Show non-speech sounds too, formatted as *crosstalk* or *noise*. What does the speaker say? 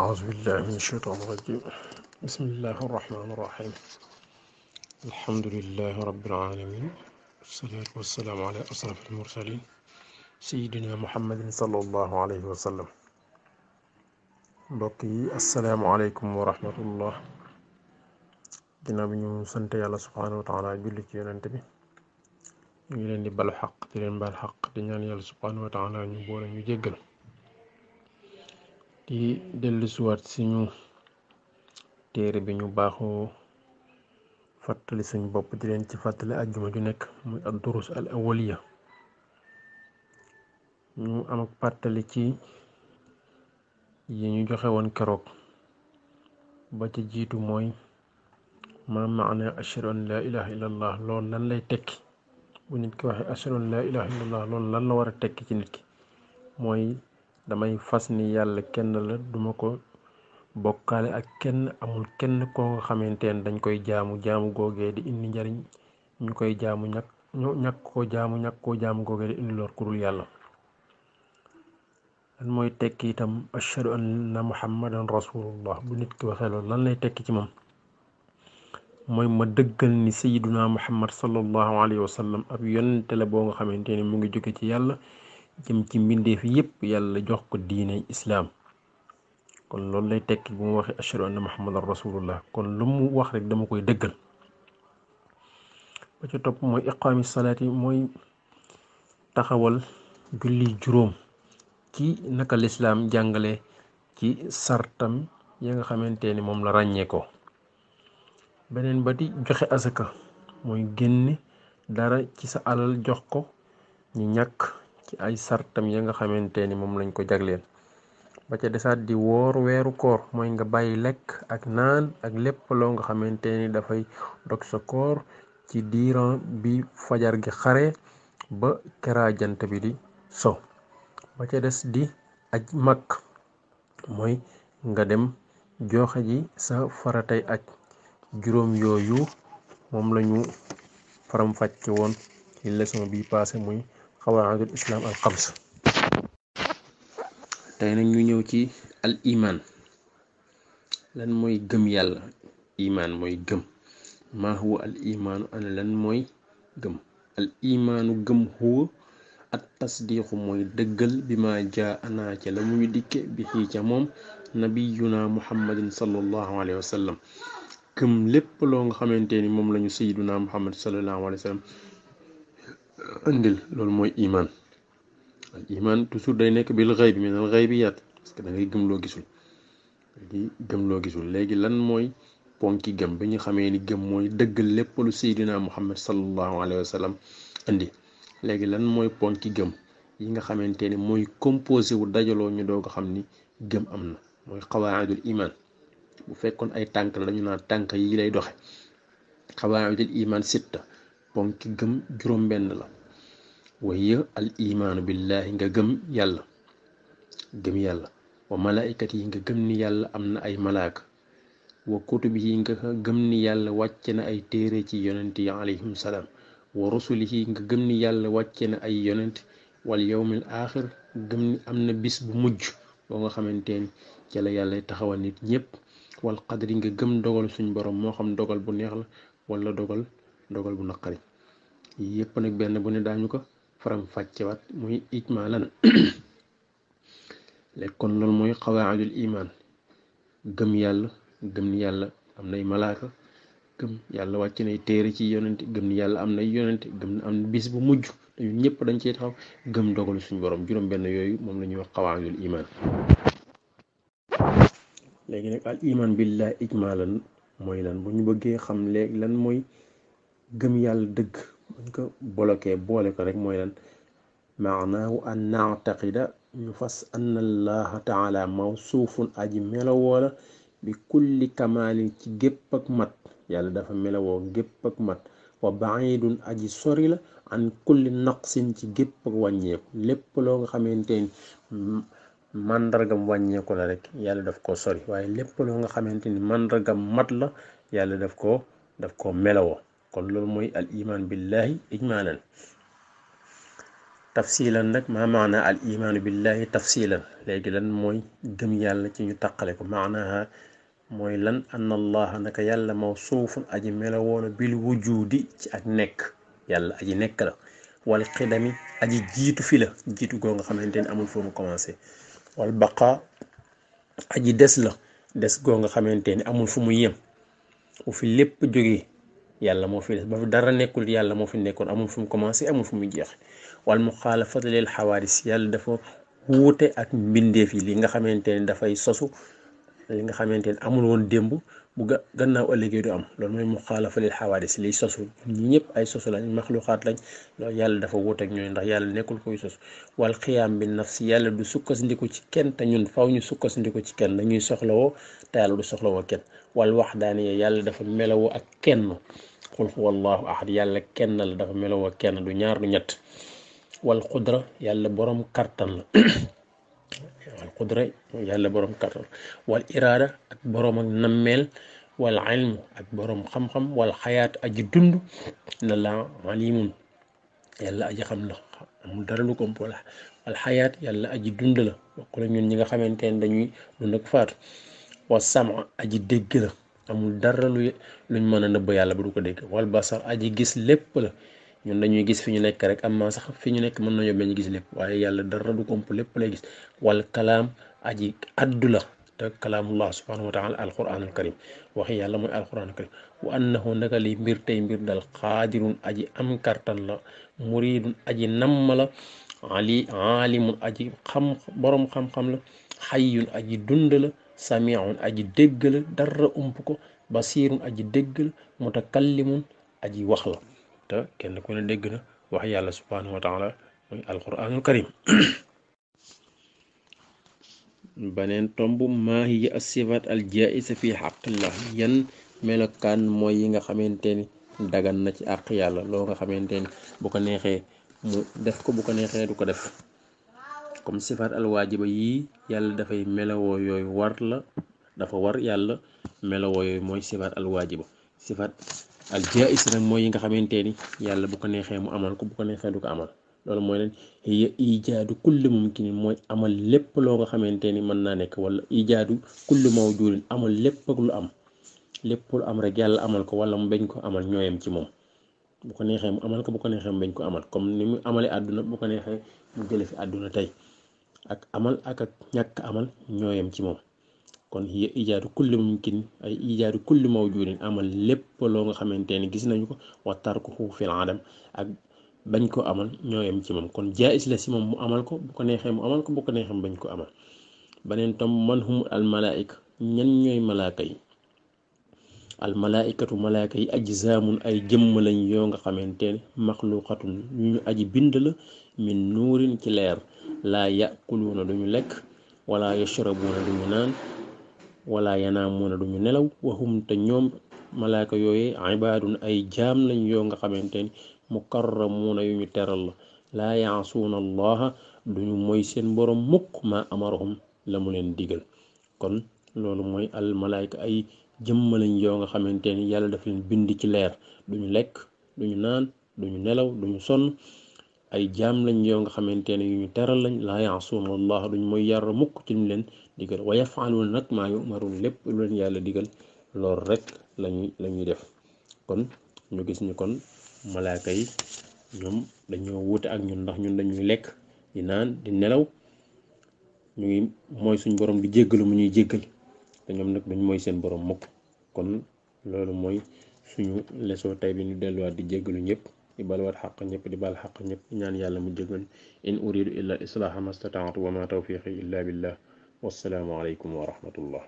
أعوذ بالله من الشيطان الرجيم بسم الله الرحمن الرحيم الحمد لله رب العالمين والصلاة والسلام على أشرف المرسلين سيدنا محمد صلى الله عليه وسلم بقي السلام عليكم ورحمة الله دينا بنيو سنت يالله سبحانه وتعالى جلت ينتبه ينتبه بالحق تلين بالحق دينا يالله سبحانه وتعالى نبور نجيقل di si suñu téere bi ñu baaxoo fàttali suñ bopp di leen ci fàttali àjjuma ju nekk muy ad durus al awaliya ñu am ak pàttali ci yi ñu joxe woon keroog ba ci jiitu mooy ma maana ashhadu an laa ilaha illallah loolu lan lay tekki bu nit ki waxee ashhadu an la ilaha illallah loolu lan la war a tekki ci nit ki mooy damay fas ni yàlla kenn la duma ko bokkaale ak kenn amul kenn koo nga ne dañ koy jaamu jaamu googee di indi njariñ ñu koy jaamu ñàkk ñàkk koo jaamu ñakk koo jaamu googee di indi lor kurul yàlla lan mooy tekki itam ashhadu anna muhammadan rasulullah bu nit ki waxee lan lay tekk ci moom mooy ma dëggal ni sayiduna muhammad sallallahu alayhi wa sallam ab yonente la boo nga xamante ni mu ngi jóge ci yàlla jëm ci mbindeef yépp yàlla jox ko diine islaam kon loolu lay tekki bu mu waxee ashhadu anna muhammadan rasulullah kon lu mu wax rek dama koy dëggal ba ca topp mooy salaat yi mooy taxawal julli juróom ci naka lislaam jàngale ci sartam ya nga xamante ni moom la ràññee ko beneen ba di joxe asaka mooy génn dara ci sa alal jox ko ñu ñàkk ci ay sartam ya nga xamanteni ni lañ ko jagleel ba ca desat di wor wéru koor moy nga bayyi lek ak naan ak lepp lo nga xamanteni ni dafay dog sa koor ci diran bi fajar gi xare ba kera jant bi di so ba ca des di aj mak moy nga dem joxe ji sa faratay aj juróom yoyu mom lañu faram fatte won ci leçon bi passé muy xawaidul islaam al xams tey nag ñu ñëw ci al iman lan mooy gëm yàlla imaan mooy gëm maa al imaanu ana lan mooy gëm al imaanu gëm huwa at tasdiqu mooy dëggal bi jaa anaa ca la muy dikke bi xii ca moom nabiyuna muhammadin sallallahu alayhi wa gëm lépp loo nga xamante ni moom lañu sayyiduna muhammad sallallahu alayhi wa sallam andil loolu moy iman al iman toujours day nek bil ghaib min al xaybiyaat parce que da ngay gëm lo gisul di gëm lo gisul léegi lan moy ponki gëm bi ñu xamee ni gëm moy deug lépp lu seydina muhammad sallallahu alayhi wasallam andi indi lan moy ponki gëm yi nga xamanteni moy composé wu dajalo ñu doog xamni gëm amna moy qawaidul iman bu fekkon ay tànk la dañu naan tànk yi lay doxe qawaidul iman sita ponki gëm juróom-benn la waya al imaanu billahi nga gëm yàlla gëm yàlla wa malaayikat yi nga gëm ni yàlla am na ay malaaka wa kutub yi nga gëm ni yàlla wàcce na ay téere ci yonent yi alayhim salaam wa rusulihi nga gëm ni yàlla wàcce na ay yonent wal yawmil aaxir gëm ni am na bis bu mujj boo nga xamante ni ca la yàlla taxawal nit ñépp wal qadri nga gëm dogal suñ borom moo xam dogal bu neex la wala dogal ndogal bu naqari yëpp nag benn bu ne daañu ko faram fàccewaat muy ijmaalan léegi kon loolu mooy xawaidul iman gëm yàlla gëm ni yàlla am nay malaaka gëm yàlla wàcc nay téere ci yonente gëm ni yàlla am nay yonente gëm am bis bu mujj ñun ñëpp dañ ciy taxaw gëm dogalu suñu boroom juróom benn yooyu moom la ñuy wax xawaidul iman léegi nag al iman billah ijmaalan mooy lan bu ñu bëggee xam léegi lan mooy gëm yàlla dëgg buñ ko bolokee boole ko rek mooy lan maanaahu an ñu fas anna allaha taala mawsuufun aji melowoo la bi kulli kamaalin ci gépp ak mat yàlla dafa melowoo gépp ak mat wa baidun aji sori la an kulli naqsin ci gépp ak wàññeeku lépp loo nga xamante ni màndargam wàññeeku la rek yàlla daf ko sori waaye lépp loo nga xamante ni màndargam mat la yàlla daf ko daf ko melowoo kon loolu mooy al iman billahi ijmalan tafsilan nag ma maana al iman billahi tafsilan léegi lan mooy gëm yàlla ci ñu taqale ko maanaha mooy lan anna allaha naka yàlla mawsuufun aji melawoona bil wujudi ci ak nekk yàlla aji nekk la wal xidami aji jiitu fi la jiitu goo nga xamante ni amul foo mu commencé wal baqa aji des la des goo nga xamante ni amul fu mu yem u fi lépp jógee yàlla mo fi def ba fi dara nekul yàlla mo fi nekkoon amul fum commencer amul fum jeex wal mukhalafat lil hawaris yàlla dafa wute ak mbinde fi li nga xamante da fay sosu li nga xamante amul won dembu bu gannaaw ëllëgee du am loolu moy mukhalafat lil hawaris li sosu ñi ñep ay sosu lañ makhluqat lañ loolu yàlla dafa wute ak ñoy ndax yàlla nekkul koy sosu wal qiyam bin nafs yàlla du sukkasandiku ci kenn ta ñun faaw ñu sukkasandiku ci kenn dañuy soxlawo ta yàlla du soxlawo kenn wal waxdaaniya yàlla dafa melawoo ak kenn qul huwa allahu ahad yàlla kenn la dafa meloo ak kenn du ñaar du ñett wal qudra yàlla borom kattan la wal qudra yàlla borom kattan wal iraada ak borom ak nammeel wal ilmu ak borom xam-xam wal xayaat aji dund na la alimun yàlla aji xam la amul dara lu kompo la wal xayaat yàlla aji dund la bokk la ñun ñi nga xamante ne dañuy dund ak faatu wa sama aji dégg la. amul dara lu luñ mën neub yàlla bu du ko dégg wal basar aji gis lépp la ñun dañuy gis fiñu nek rek am sax fi ñu nekk mën nañoo bañ gis lépp waye yàlla dara du komp lépp lay gis wal kalam aji addu la te kalaamullah subhanahu wa taala alquran al karim waxi yàlla mooy alquran al karim wa annahu naka mbir tay mbir dal qadirun aji am kartan la muridun aji nam la ali alimun aji xam borom xam-xam la hayyun aji dund la samiun aji dégg la dara ko basirun aji dégg mutakallimun aji wax ta te kenn ku ne dégg na wax yàlla subhanahu wa taala muy alquranul karim *coughs* baneen tombu ma hiya asifaat al jaisa fi xaqillah yan melokaan moyinga yi nga dagan na ci àq yàlla loo nga bukan ni bu ko mu def ko bu ko neexee du ko def comme sifaat alwaajiba yii yàlla dafay melawoo yooyu war la dafa war yàlla melawoo yooyu mooy sifaat alwaajiba sifaat al jaais mooy yi nga xamante ni yàlla bu ko neexee mu amal ko bu ko neexee ko amal loolu mooy leen hiya ijaadu kulli mumkinin mooy amal lépp loo nga xamante ni mën naa nekk wala ijaadu kulli mawjuudin amal lépp lu am lépp lu am rek yàlla amal ko wala mu bañ ko amal ñooyam ci moom bu ko neexee mu amal ko bu ko neexee bañ ko amal comme ni mu amalee àdduna bu ko neexee mu jële fi àdduna tey ak amal ak ak ñàkk amal ñooyam ci moom kon hiya ijaadu kulli mumkin ay ijaadu kulli mawjudin amal lépp loo nga xamante ne gis nañu ko wa tarkuhu fil adam ak bañ ko amal ñooyam ci moom kon jaayis la si moom mu amal ko bu ko neexee mu amal ko bu ko neexee mu bañ ko amal beneen tom man hum al malaayika ñan ñooy malaaka yi almalaikatu malaaka yi ajzaamun ay jëmm lañ yoo nga xamante ne maxluqatun ñu ñu aji bind la min nuurin ci leer laa yakuluuna duñu lekk wala yashrabuuna duñu naan wala yanaamuuna duñu nelaw wahum te ñoom malaaka yooye ibaadun ay jaam lañ yoo nga xamante ne mukarramuuna yu ñu teral la laa yaasuuna allaha duñu moy seen borom mukk ma amarahum la mu leen digal kon loolu mooy almalaayka ay jëmma lañ yoo nga xamante ni yàlla daf leen bind ci leer duñu lekk duñu naan duñu nelaw duñu sonn ay jaam lañ yoo nga xamante ne yu ñu teral lañ laa yaasuuna allah duñ mooy yàlla mukk ci ñu leen digal wa yafaaluun nag maa yumaruun lépp lu leen yàlla diggal loolu rek lañuy def kon ñu gis ni kon malaaka yi ñoom dañoo wuute ak ñun ndax ñun dañuy lekk di naan di nelaw ñu ngi mooy suñ boroom di jéggalu mu ñuy jéggal te ñoom nag dañ mooy seen borom mukk kon loolu mooy suñu leçon tey bi ñu delluwaat di jéggalu ñëpp di balwaat xaq ñëpp di bal xaq ñëpp ñaan yàlla mu jéggal in uridu illa islaaha mastataatu wa ma tawfiqi illa billah wassalaamu aleykum wa rahmatullah